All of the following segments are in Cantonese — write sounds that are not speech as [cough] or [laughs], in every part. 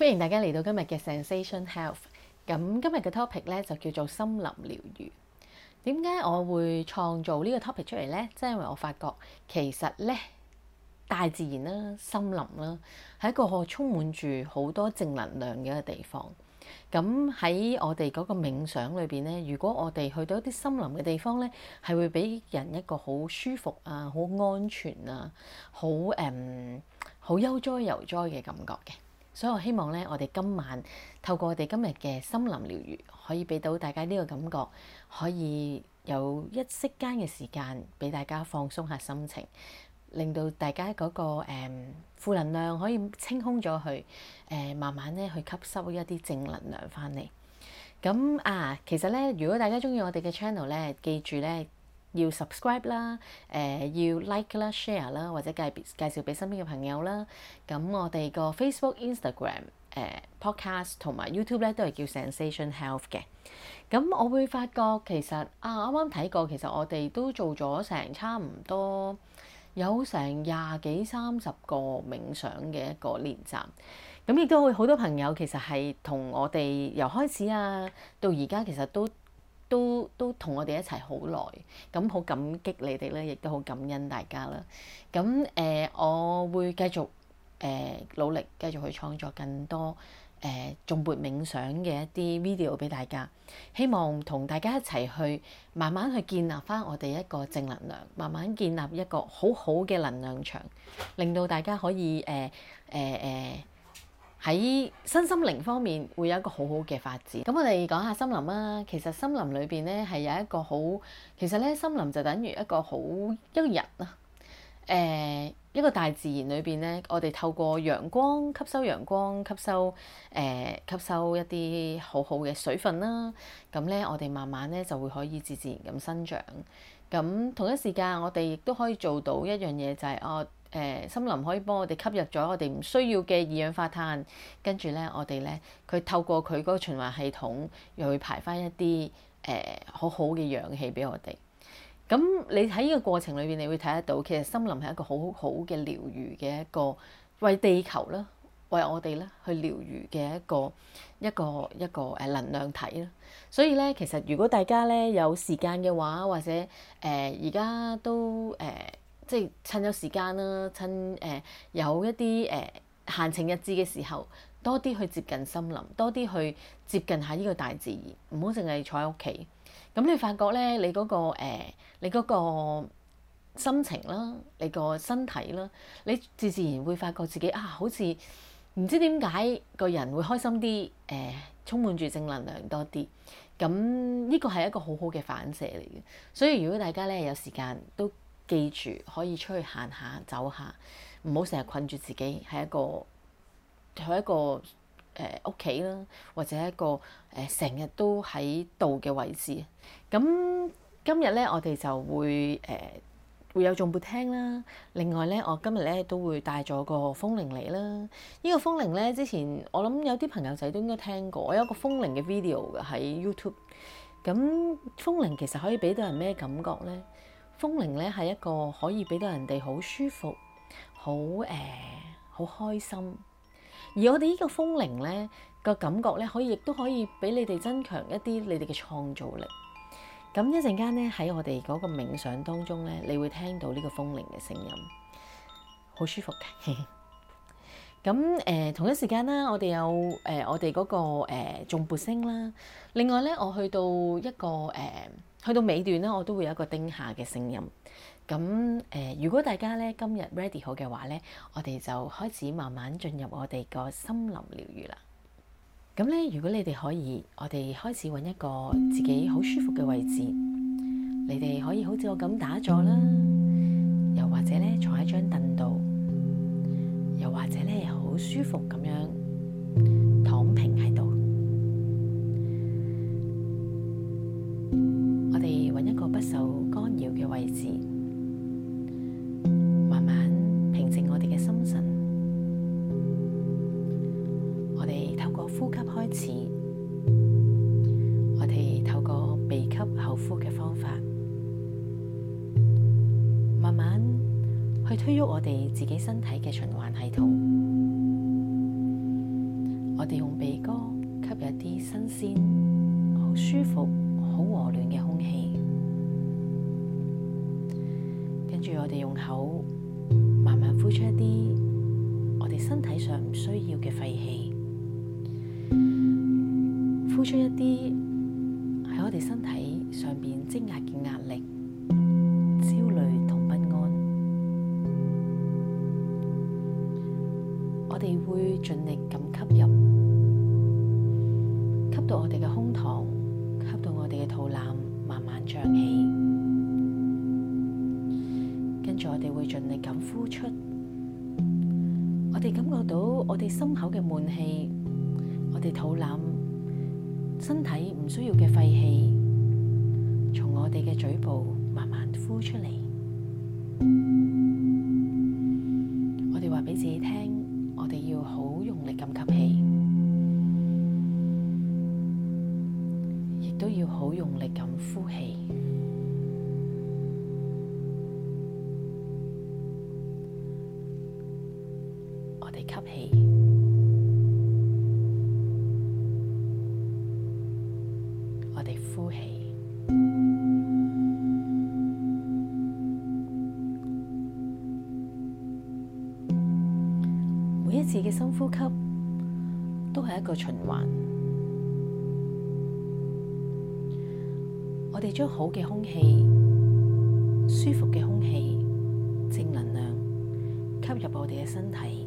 歡迎大家嚟到今日嘅 Zensation Health。咁今日嘅 topic 咧就叫做森林療愈。點解我會創造呢個 topic 出嚟呢？即係因為我發覺其實呢，大自然啦、森林啦，係一個充滿住好多正能量嘅一個地方。咁喺我哋嗰個冥想裏邊呢，如果我哋去到一啲森林嘅地方呢，係會俾人一個好舒服啊、好安全啊、好誒、好悠哉悠哉嘅感覺嘅。所以我希望咧，我哋今晚透過我哋今日嘅森林療癒，可以俾到大家呢個感覺，可以有一息間嘅時間俾大家放鬆下心情，令到大家嗰個、誒、負能量可以清空咗去，誒、嗯、慢慢咧去吸收一啲正能量翻嚟。咁啊，其實咧，如果大家中意我哋嘅 channel 咧，記住咧。要 subscribe 啦，誒、呃、要 like 啦、share 啦，或者介介紹俾身邊嘅朋友啦。咁我哋個 Facebook、呃、Instagram、誒 Podcast 同埋 YouTube 咧都係叫 Zensation Health 嘅。咁我會發覺其實啊，啱啱睇過，其實我哋都做咗成差唔多有成廿幾三十個冥想嘅一個練習。咁亦都會好多朋友其實係同我哋由開始啊到而家，其實都。都都同我哋一齊好耐，咁好感激你哋咧，亦都好感恩大家啦。咁誒、呃，我會繼續誒、呃、努力，繼續去創作更多誒頌缽冥想嘅一啲 video 俾大家，希望同大家一齊去慢慢去建立返我哋一個正能量，慢慢建立一個好好嘅能量場，令到大家可以誒誒誒。呃呃呃喺身心靈方面會有一個好好嘅發展。咁我哋講下森林啦。其實森林裏邊咧係有一個好，其實咧森林就等於一個好一個人啦。誒、呃，一個大自然裏邊咧，我哋透過陽光吸收陽光，吸收誒吸、呃、吸收一啲好好嘅水分啦。咁咧，我哋慢慢咧就會可以自自然咁生長。咁同一時間，我哋亦都可以做到一樣嘢，就係、是、哦。啊誒森林可以幫我哋吸入咗我哋唔需要嘅二氧化碳，跟住咧我哋咧佢透過佢嗰個循環系統，又會排翻一啲誒、呃、好好嘅氧氣俾我哋。咁你喺呢個過程裏邊，你會睇得到，其實森林係一個好好嘅療癒嘅一個為地球啦，為我哋咧去療癒嘅一個一個一個誒能量體啦。所以咧，其實如果大家咧有時間嘅話，或者誒而家都誒。呃即係趁有時間啦，趁誒、呃、有一啲誒、呃、閒情逸致嘅時候，多啲去接近森林，多啲去接近下呢個大自然，唔好淨係坐喺屋企。咁你發覺咧，你嗰、嗰個、呃、你嗰個心情啦，你個身體啦，你自自然會發覺自己啊，好似唔知點解個人會開心啲，誒、呃，充滿住正能量多啲。咁呢個係一個好好嘅反射嚟嘅。所以如果大家咧有時間都～記住，可以出去行下、走下，唔好成日困住自己，係一個係一個誒屋企啦，或者一個誒成日都喺度嘅位置。咁今日咧，我哋就會誒、呃、會有頌缽聽啦。另外咧，我今日咧都會帶咗個風鈴嚟啦。呢、呢個風鈴咧，之前我諗有啲朋友仔都應該聽過，我有個風鈴嘅 video 嘅喺 YouTube。咁風鈴其實可以俾到人咩感覺咧？風鈴咧係一個可以俾到人哋好舒服、好誒、好、呃、開心。而我哋呢個風鈴咧個感覺咧，可以亦都可以俾你哋增強一啲你哋嘅創造力。咁一陣間咧喺我哋嗰個冥想當中咧，你會聽到呢個風鈴嘅聲音，好舒服嘅。咁 [laughs] 誒、呃，同一時間啦，我哋有誒、呃，我哋嗰、那個誒頌缽聲啦。另外咧，我去到一個誒。呃去到尾段咧，我都會有一個叮下嘅聲音。咁誒、呃，如果大家咧今日 ready 好嘅話咧，我哋就開始慢慢進入我哋個森林療癒啦。咁咧，如果你哋可以，我哋開始揾一個自己好舒服嘅位置，你哋可以好似我咁打坐啦，又或者咧坐喺張凳度，又或者咧又好舒服咁樣躺平喺度。受干擾嘅位置，慢慢平靜我哋嘅心神。我哋透過呼吸開始，我哋透過鼻吸口呼嘅方法，慢慢去推喐我哋自己身體嘅循環系統。我哋用鼻哥吸入一啲新鮮、好舒服、好和暖嘅空氣。我哋用口慢慢呼出一啲我哋身體上唔需要嘅廢氣，呼出一啲喺我哋身體上邊積壓嘅壓力。吐身體唔需要嘅廢氣，從我哋嘅嘴部。一個循環，我哋將好嘅空氣、舒服嘅空氣、正能量吸入我哋嘅身體。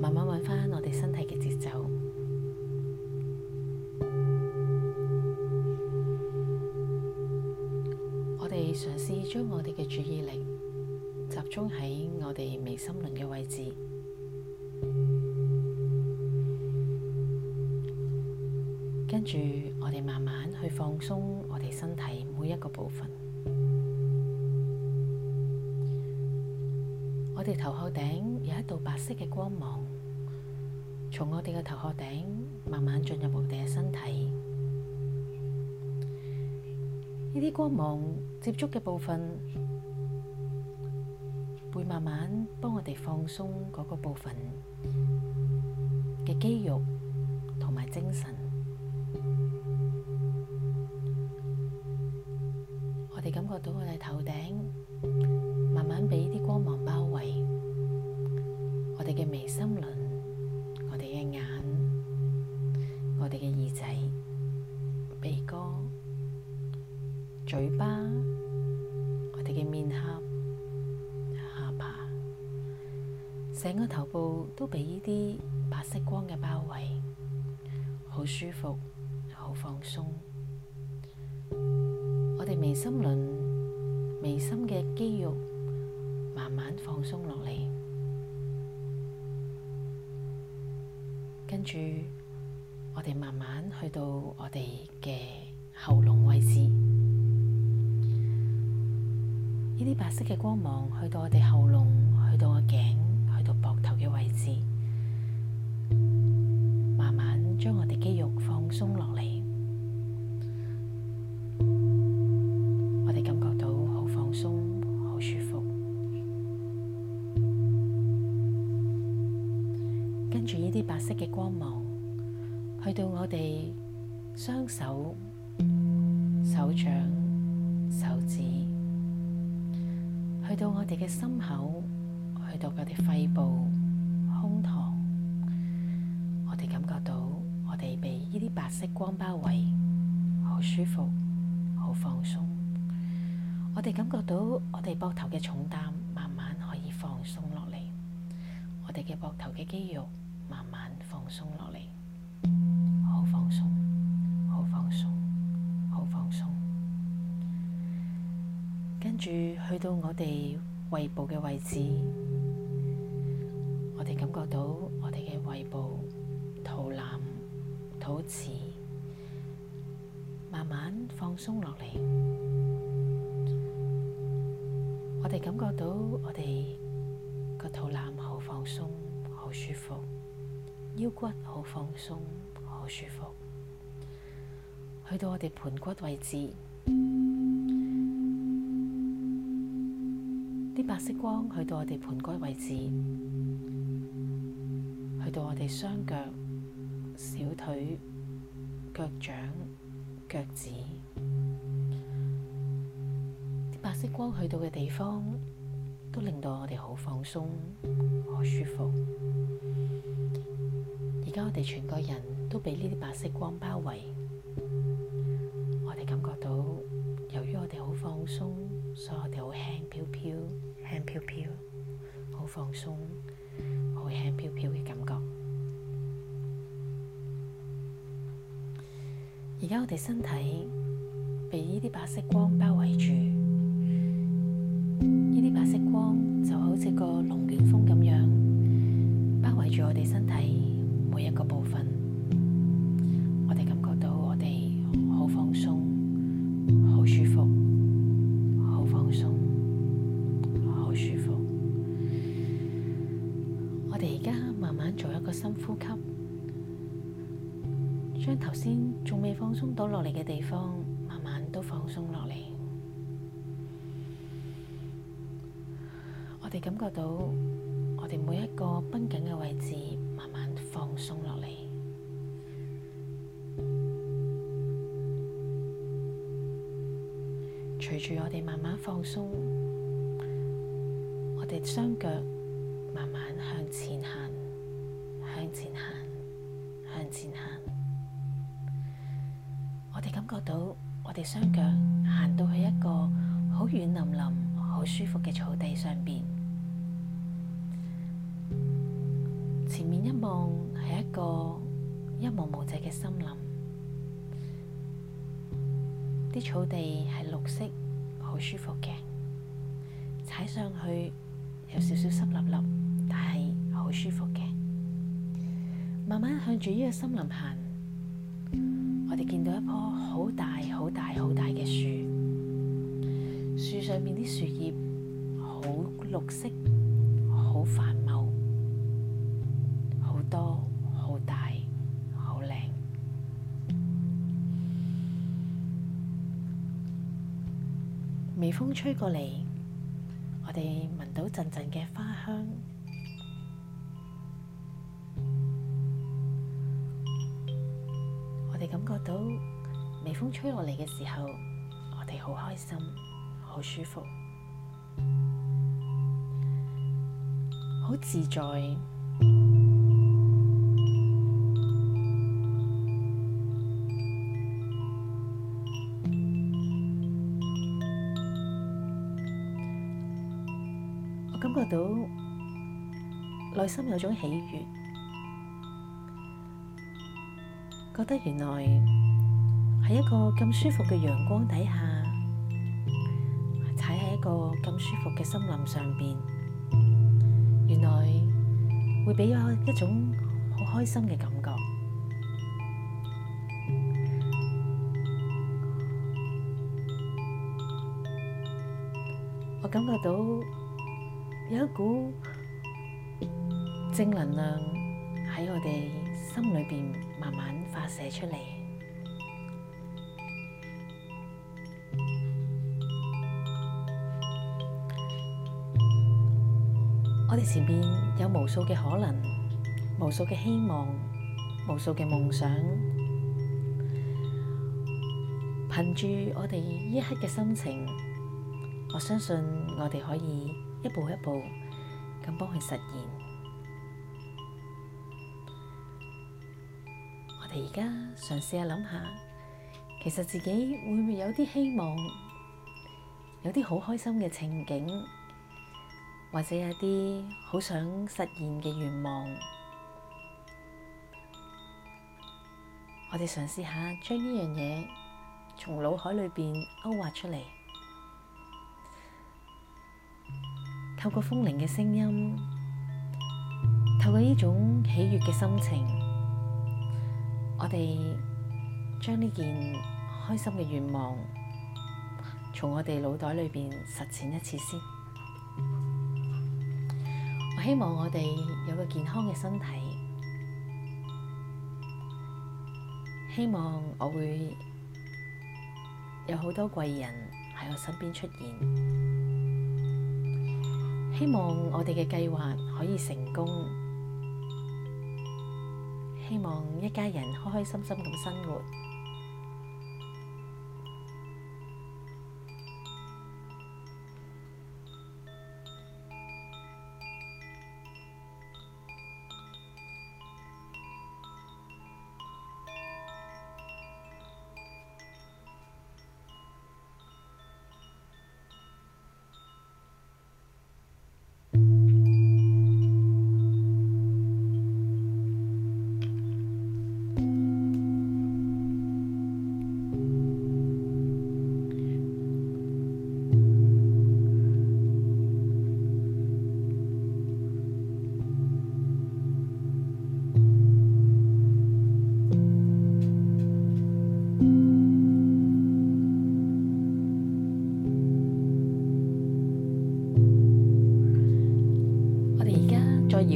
慢慢揾返我哋身體嘅節奏，我哋嘗試將我哋嘅注意力集中喺我哋眉心輪嘅位置，跟住我哋慢慢去放鬆我哋身體每一個部分。我哋頭殼頂有一道白色嘅光芒，從我哋嘅頭殼頂慢慢進入我哋嘅身體。呢啲光芒接觸嘅部分，會慢慢幫我哋放鬆嗰個部分嘅肌肉同埋精神。啲白色光嘅包圍，好舒服，好放鬆。我哋眉心輪、眉心嘅肌肉慢慢放鬆落嚟，跟住我哋慢慢去到我哋嘅喉嚨位置。呢啲白色嘅光芒去到我哋喉嚨，去到我頸。啲白色嘅光芒去到我哋雙手、手掌、手指，去到我哋嘅心口，去到我哋肺部、胸膛，我哋感覺到我哋被呢啲白色光包圍，好舒服，好放鬆。我哋感覺到我哋膊頭嘅重擔慢慢可以放鬆落嚟，我哋嘅膊頭嘅肌肉。放鬆落嚟，好放鬆，好放鬆，好放鬆。跟住去到我哋胃部嘅位置，我哋感覺到我哋嘅胃部、肚腩、肚臍，慢慢放鬆落嚟。我哋感覺到我哋。腰骨好放鬆，好舒服。去到我哋盆骨位置，啲白色光去到我哋盆骨位置，去到我哋雙腳、小腿、腳掌、腳趾，啲白色光去到嘅地方，都令到我哋好放鬆，好舒服。而家我哋全個人都被呢啲白色光包圍，我哋感覺到由於我哋好放鬆，所以我哋好輕飄飄、輕飄飄，好放鬆、好輕飄飄嘅感覺。而家我哋身體被呢啲白色光包圍住，呢啲白色光就好似個龍捲風咁樣包圍住我哋身體。每一個部分，我哋感覺到我哋好放鬆，好舒服，好放鬆，好舒服。我哋而家慢慢做一個深呼吸，將頭先仲未放鬆到落嚟嘅地方，慢慢都放鬆落嚟。我哋感覺到我哋每一個繃緊嘅位置，慢慢。隨住我哋慢慢放鬆，我哋雙腳慢慢向前行，向前行，向前行。我哋感覺到我哋雙腳行到去一個好軟淋淋、好舒服嘅草地上邊。前面一望係一個一望無際嘅森林，啲草地係綠色。好舒服嘅，踩上去有少少濕粒粒，但係好舒服嘅。慢慢向住呢個森林行，我哋見到一棵好大、好大、好大嘅樹，樹上面啲樹葉好綠色，好繁茂，好多。微風吹過嚟，我哋聞到陣陣嘅花香。我哋感覺到微風吹落嚟嘅時候，我哋好開心，好舒服，好自在。到內心有種喜悅，覺得原來喺一個咁舒服嘅陽光底下，踩喺一個咁舒服嘅森林上邊，原來會俾我一種好開心嘅感覺。我感覺到。有一股正能量喺我哋心裏邊慢慢發射出嚟。我哋前面有無數嘅可能，無數嘅希望，無數嘅夢想。憑住我哋呢一刻嘅心情，我相信我哋可以。一步一步咁幫佢實現。我哋而家嘗試下諗下，其實自己會唔會有啲希望，有啲好開心嘅情景，或者有啲好想實現嘅願望。我哋嘗試下將呢樣嘢從腦海裏邊勾畫出嚟。透過風鈴嘅聲音，透過呢種喜悦嘅心情，我哋將呢件開心嘅願望，從我哋腦袋裏邊實踐一次先。我希望我哋有個健康嘅身體，希望我會有好多貴人喺我身邊出現。希望我哋嘅計劃可以成功，希望一家人開開心心咁生活。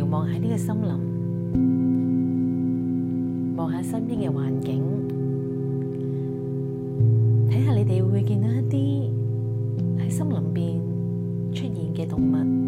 遙望下呢個森林，望下身邊嘅環境，睇下你哋會見到一啲喺森林邊出現嘅動物。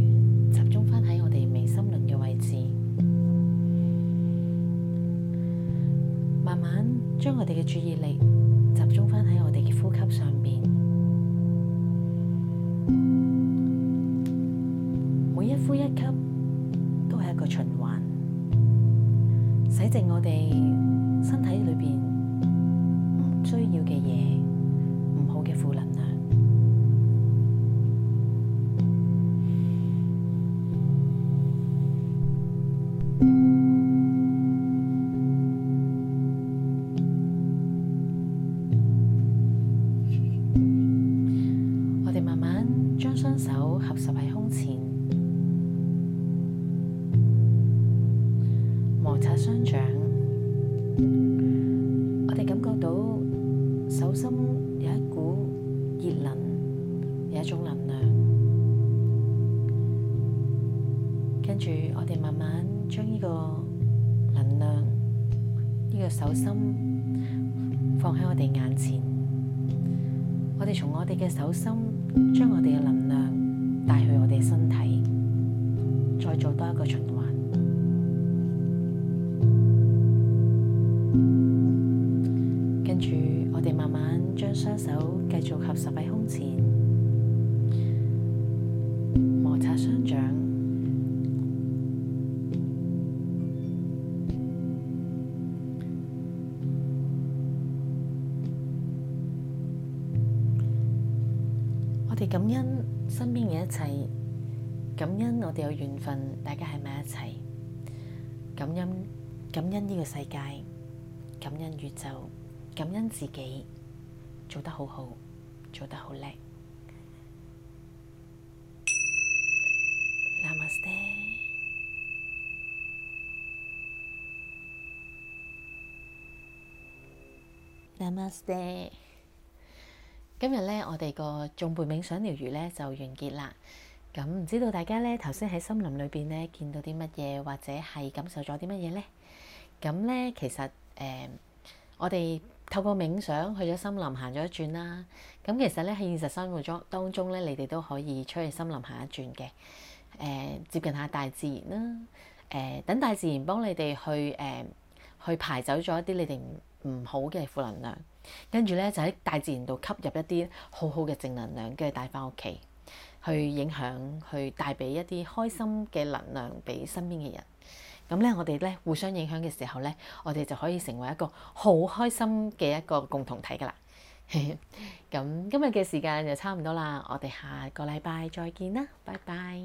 嘅手心放喺我哋眼前，我哋從我哋嘅手心將我哋嘅能量帶去我哋身體，再做多一個循環。跟住，我哋慢慢將雙手繼續合十喺胸前。齊感恩我哋有緣分，大家喺埋一齊。感恩，感恩呢個世界，感恩宇宙，感恩自己，做得好好，做得好叻。Namaste。Namaste。今日咧，我哋個頌缽冥想療癒咧就完結啦。咁、嗯、唔知道大家咧，頭先喺森林裏邊咧見到啲乜嘢，或者係感受咗啲乜嘢咧？咁、嗯、咧，其實誒、呃，我哋透過冥想去咗森林行咗一轉啦。咁其實咧喺現實生活中當中咧，你哋都可以出去森林行一轉嘅。誒、呃，接近下大自然啦。誒、呃，等大自然幫你哋去誒、呃，去排走咗一啲你哋唔好嘅負能量。跟住咧，就喺大自然度吸入一啲好好嘅正能量，跟住帶翻屋企去影響，去帶俾一啲開心嘅能量俾身邊嘅人。咁咧，我哋咧互相影響嘅時候咧，我哋就可以成為一個好開心嘅一個共同體噶啦。咁 [laughs] 今日嘅時間就差唔多啦，我哋下個禮拜再見啦，拜拜。